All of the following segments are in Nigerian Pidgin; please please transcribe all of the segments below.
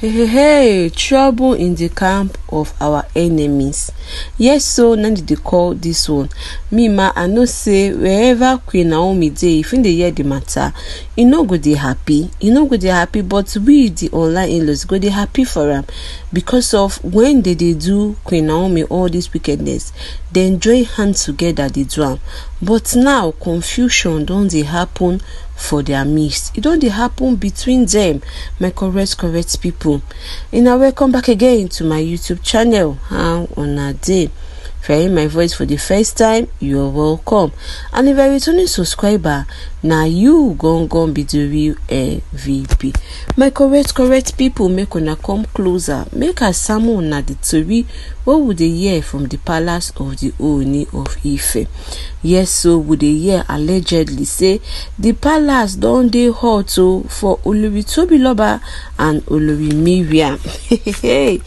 Hey, hey, trouble in the camp of our enemies. Yes, so now did they call this one? Me, ma, I know say wherever Queen Naomi day, if in the year the matter, you know go they happy, you know go they happy, but we the online in-laws go they happy for them, because of when they dey do Queen Naomi all this wickedness, then join hands together They do But now confusion don't they happen for their midst. It don't happen between them, my correct, correct people. And I welcome back again to my YouTube channel, How on a Day. If you're hearing my voice for the first time, you're welcome. And if you're a returning subscriber, na you gongon be the real mvp my correct correct people make una come closer make i samu una the tori wey we dey hear from the palace of the ooni of ife yes so we dey hear allegedly say the palace don dey hot o oh, for olori tobiloba and olori mariam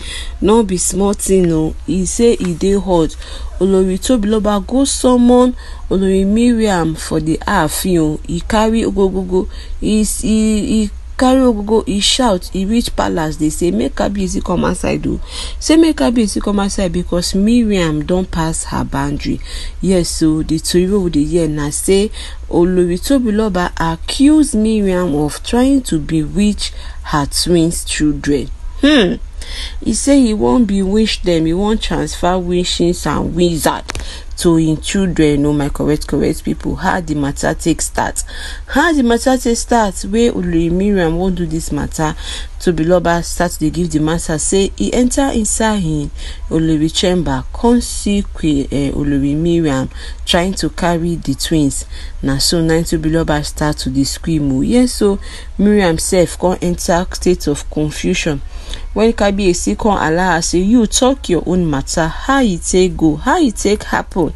no be small tin o oh. He say e dey hot Olori Tobiloba go summon Olori Mariam for the Ààfin o, he carry ogogogo. he carry Ogogoro, he shout, he reach palace, dey say make Kabiyesi come outside o, say make Kabiyesi come outside because Miriam don pass her boundary. Yes so, the tori wey we dey hear na say Olori Tobiloba accuse Miriam of trying to bewitch her twins children. Hmm. He said he won't wish them, he won't transfer wishes and wizard to his children. Oh, my correct, correct people. How the matter take start? How the matter take start? Where Uli Miriam won't do this matter. To Biloba start to give the matter. Say he enter inside him Olori chamber. Come see uh, eh, Olori Miriam trying to carry the twins. Na so nine to Biloba start to the scream. Yes, so Miriam self come enter state of confusion when kabiyesi come allow her say you talk your own matter how e take go how e take happen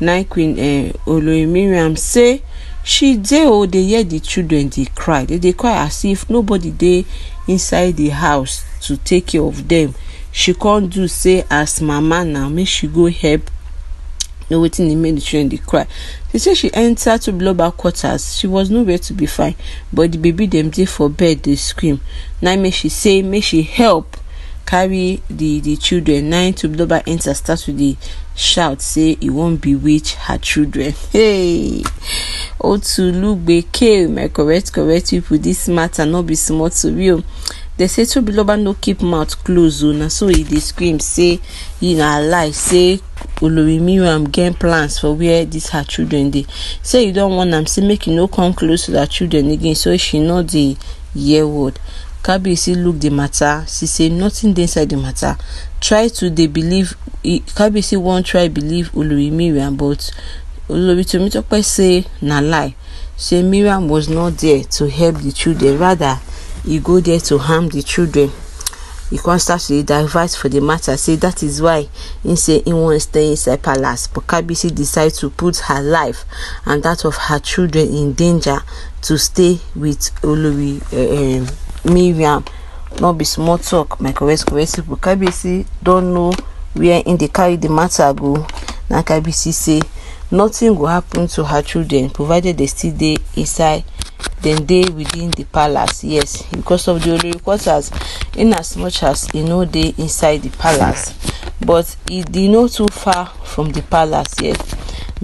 na queen eh, oloyi mariam say she dey oh dey hear the children dey cry they dey cry as if nobody dey inside the house to take care of them she come do say as mama na make she go help no waiting in made the children cry. She say she entered to blow quarters. She was nowhere to be found, but the baby them did for bed they scream. Now may she say, may she help carry the the children. Nine to blow back enter start with the shout say e wan bewitch her children. Hey! Otulugbeke, my correct correct people, this matter no be small to real. Oh. they say tobiloba no keep mouth close o oh. na so e dey scream say e na lie say olori miriam get plans for where dis her children dey say you don warn am say make you no come close to her children again so she no dey hear word kabiyesi look di mata she say nothing dey inside di mata try to dey believe e, kabiyesi wan try believe olori miriam but olori tomitope say na lie say miriam was not there to help di children rather e go there to harm di children he constantly diverts for the matter say that is why he say he wan stay inside palace but kabisi decide to put her life and that of her children in danger to stay with olori uh, um, miriam no be small talk my correct correct people kabisi don know where im dey carry the matter go na kabisi say nothing go happen to her children provided they still dey inside dem dey within the palace yes because of the olori quarters In as much as e no dey inside the palace but e dey no too far from the palace yet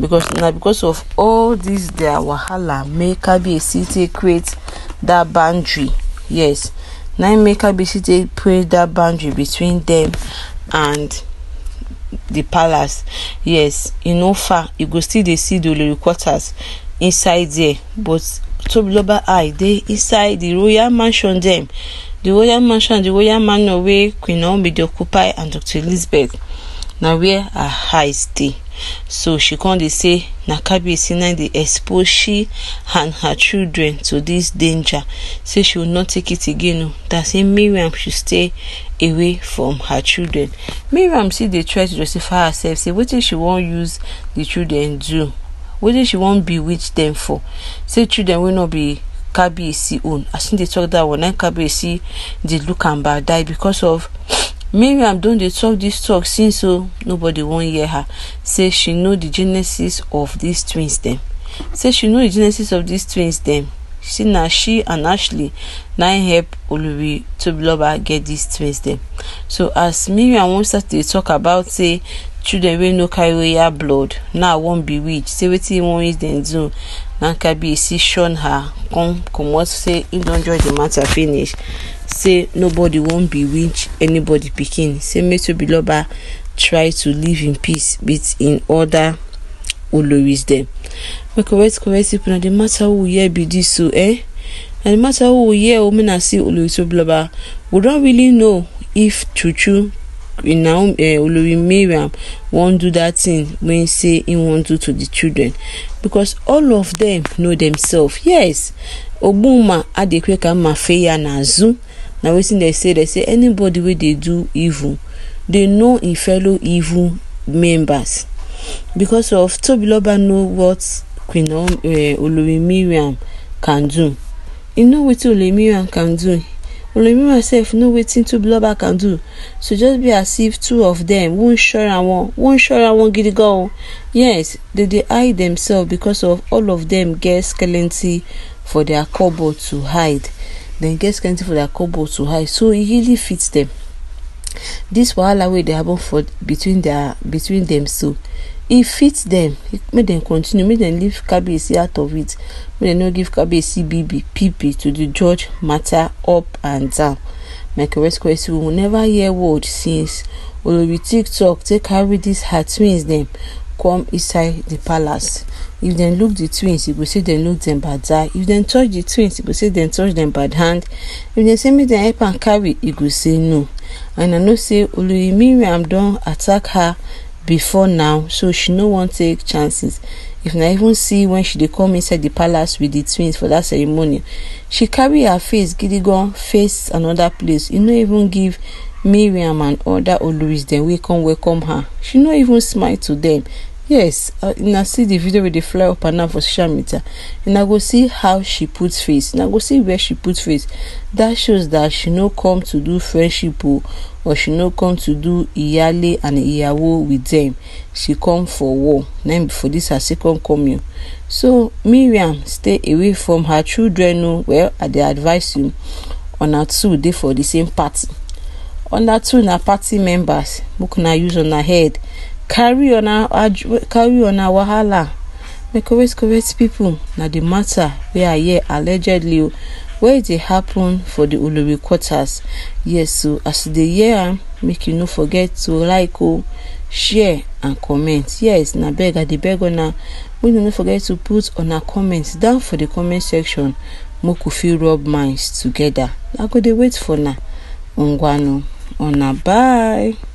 because na because of all this, dia wahala make kabiyesi take create dat boundary yes na im make kabiyesi take create dat boundary between them and the palace yes e no far e go still dey see the olori quarters inside there but tobiloba eye dey inside di royal mansion dem di royal mansion di royal manor wey queen naomi dey occupy and dr elizabeth na where her eyes dey so she come dey say na kabiyesi na dey expose she and her children to dis danger say she will not take it again o oh. that say mariam should stay away from her children mariam still dey try to justify herself say wetin she wan use di children do wetin she wan with dem for say children wey no be kabiyesi own as im dey talk dat one na kabiyesi dey look am bad die because of miriam don dey talk this talk since o oh, nobody wan hear her say she know the genesis of these twins dem say she know the genesis of these twins dem say na she and ashley na help olori tobiloba get these twins dem so as miriam wan start to dey talk about say children wey no carry royal blood now wan be witch say wetin wan use dem do na kabiyesi shun her come comot say im don judge the matter finish say nobody wan bewitch anybody pikin say make tobiloba try to live in peace with im other oloris dem. my correct correct people na the matter wey we hear be this o eh na the matter wey oh, we hear o make na see olori tobiloba we don really know if true true renowned uh, Olori Mariam won't do that thing when say he won't do to the children because all of them know themselves. Yes, Ogbunma Adekweka Mafeya Nazu. Now wetin they say they say anybody wey dey do evil dey know im fellow evil members because of Tobiloba know what Queen um, uh, Olori Mariam can do. You know wetin Olori Mariam can do? me myself know wetin two blogger can do so just be as if two of them, wan sure am wan sure am gidi gan o yes they dey hide themselves because of all of them get skeleton for their cupboard to hide dem get skeleton for their cupboard to hide so e really fit dem dis wahala wey dey happen for between their between them. so e fit them make them continue make them leave kabiyesi out of it make dem no give kabiyesi bb pp to the judge matter up and down my correct question we will never hear word since olori tiktok take carry this her twins them come inside the palace if dem look the twins you go say dem look dem bad eye if dem touch the twins you go say dem touch dem bad hand if dem say make dem help am carry you go say no and i know say oloyi miriam don attack her before now so she no wan take chances if na even see when she dey come inside the palace with the twins for that ceremony she carry her face gidigan face another place e no even give miriam and other oloris dem wey come welcome her she no even smile to them yes uh, na see the video wey dey fly up and down for social media una go see how she put face una go see where she put face That shows that she no come to do friendship o or she no come to do iyale and iyawo with them. she come for war na im be for dis her second coming so miriam stay away from her children o well i dey advise you una two dey for the same party una two na party members make una use una head carry on carry on our wahala make correct correct people. na the matter wey i hear allegedly o oh, wey dey happen for the olori quarters yes so as you dey hear am make you no forget to like o oh, share and comment yes na beg i dey beg una make you no forget to put una comment down for the comment section make we fit rub minds together. i go dey wait for una ngwanu oh, una bye.